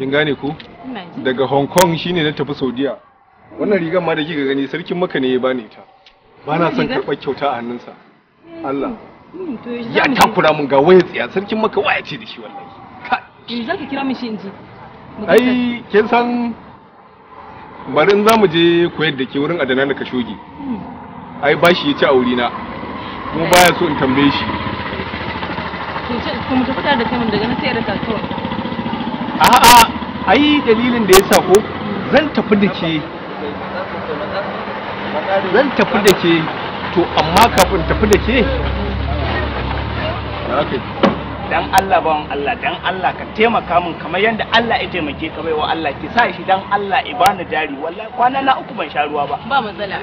kin gane ko daga hong kong shine na tafi saudiya wannan rigar ma da kika gani sarkin maka ne ya bani ta ba na son karɓar kyauta a hannunsa allah hmm, ya takura mun ga waya tsiya sarkin maka waya ce da shi wallahi yanzu za ka kira mishi in ai kin san bari in za mu je koyar da ke wurin adana da kashogi hmm. ai ba shi ya ci a na kuma baya so in tambaye shi kuma ta fitar da kai daga na sayar da kasuwa a'a ai dalilin da ya sa ko zan tafi da ke zan tafi da ke to amma kafin tafi da ke dan Allah bawan Allah dan Allah ka taimaka min kamar yadda Allah ya taimake ka baiwa Allah ki sa shi dan Allah ya bani jari wallahi kwana na uku ban sha ruwa ba ba matsala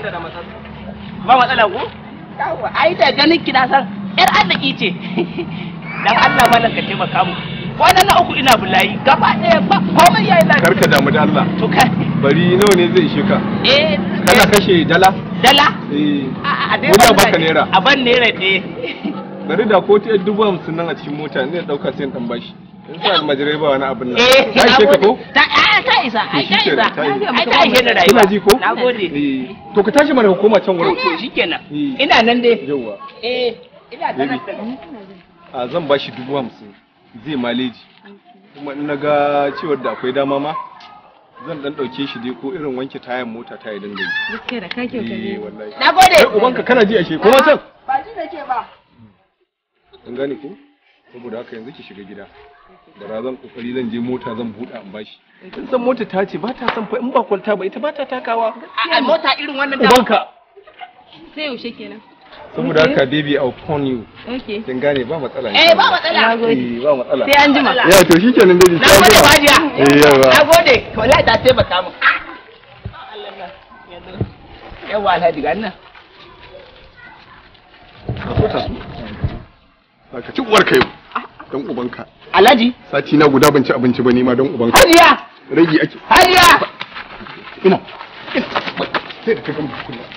ba matsala ko yawa ai da ganin ki na san yar arziki ce dan Allah mallaka ka taimaka min kwana na uku ina bulayi gaba ɗaya ba komai yayi lafiya karka damu da Allah to kai bari nawa ne zai ishe ka eh kana eh. kashe dala dala eh a dai ba baka naira a ban naira ɗaya bari da ko ta dubu hamsin nan a cikin mota ne dauka sai dan bashi in sa almajirai ba wani abin nan eh ta ishe ka ko ta a ta isa ai ta isa ai ta ishe na rayuwa kina ji ko nagode eh to ka tashi mana hukuma can wurin to shikenan eh. ina nan dai yawa eh ina nan a zan bashi dubu hamsin zai maleji kuma in ga cewar da akwai dama ma zan dan dauke shi dai ko irin wanke tayan mota ta idan gani gaskiya da ka kyauta ne eh, kai ubanka kana ji ba ji nake ba gane ko saboda haka yanzu ki shiga gida da razan kokari zan je mota zan buɗe an bashi kin san mota ta ce ba ta san fa in ba kwalta ba ita ba ta takawa a mota irin wannan da ubanka sai yaushe kenan saboda haka baby i'll pawn you kin gane ba matsala eh ba matsala eh, ba matsala sai an jima ya to shi kenan sai eh yawa ta sai baka mu yawa alhaji ga ka ci uwar dan ubanka alhaji guda ban abinci ba ma dan ubanka hajiya rage hajiya sai da mu